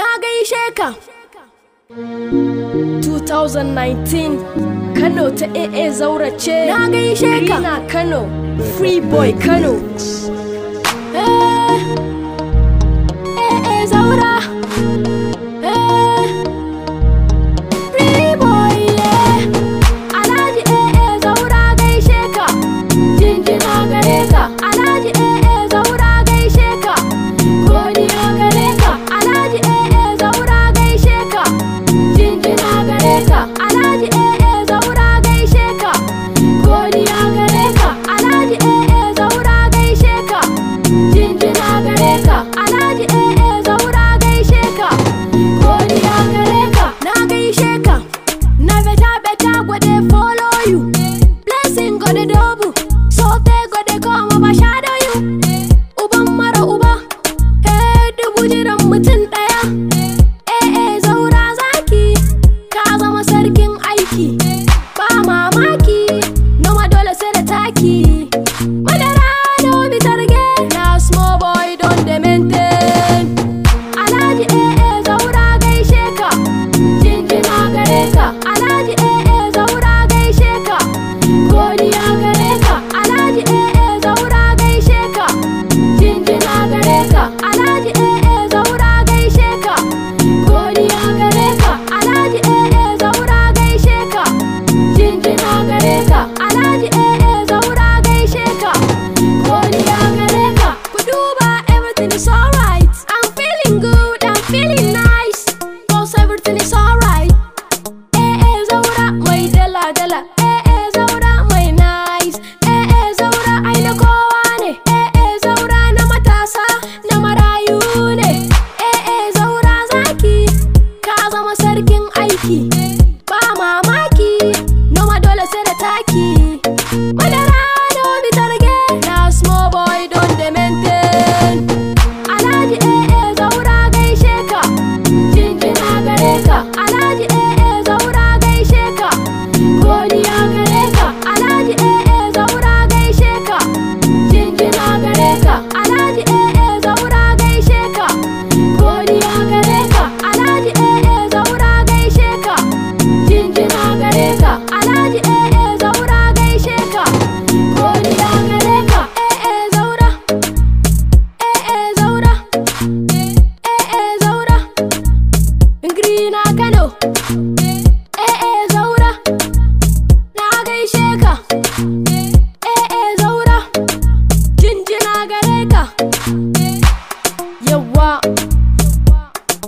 na gaishe ka 2019 kano ta aa zaurace na gaishe ka kano free boy kano eh.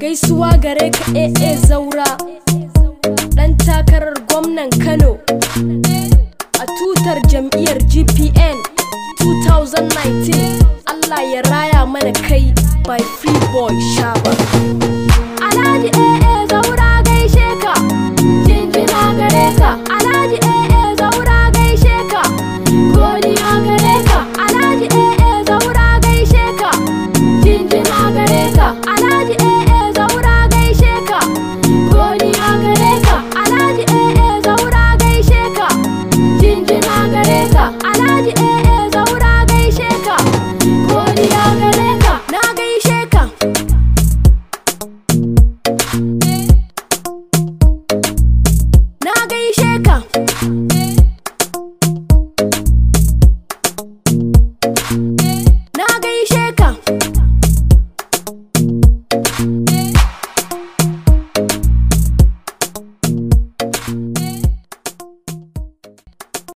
gaisuwa gare ka AA eh, eh, zaura dan takarar gwamnan Kano a tutar jam'iyyar GPN 2019 Allah ya raya mana kai by Free Boy Shaba Alhaji AA eh, zaura gaishe ka jinjina gare ka Alhaji AA zaura gaishe ka godiya gare ka Alhaji AA zaura gaishe ka jinjina gare ka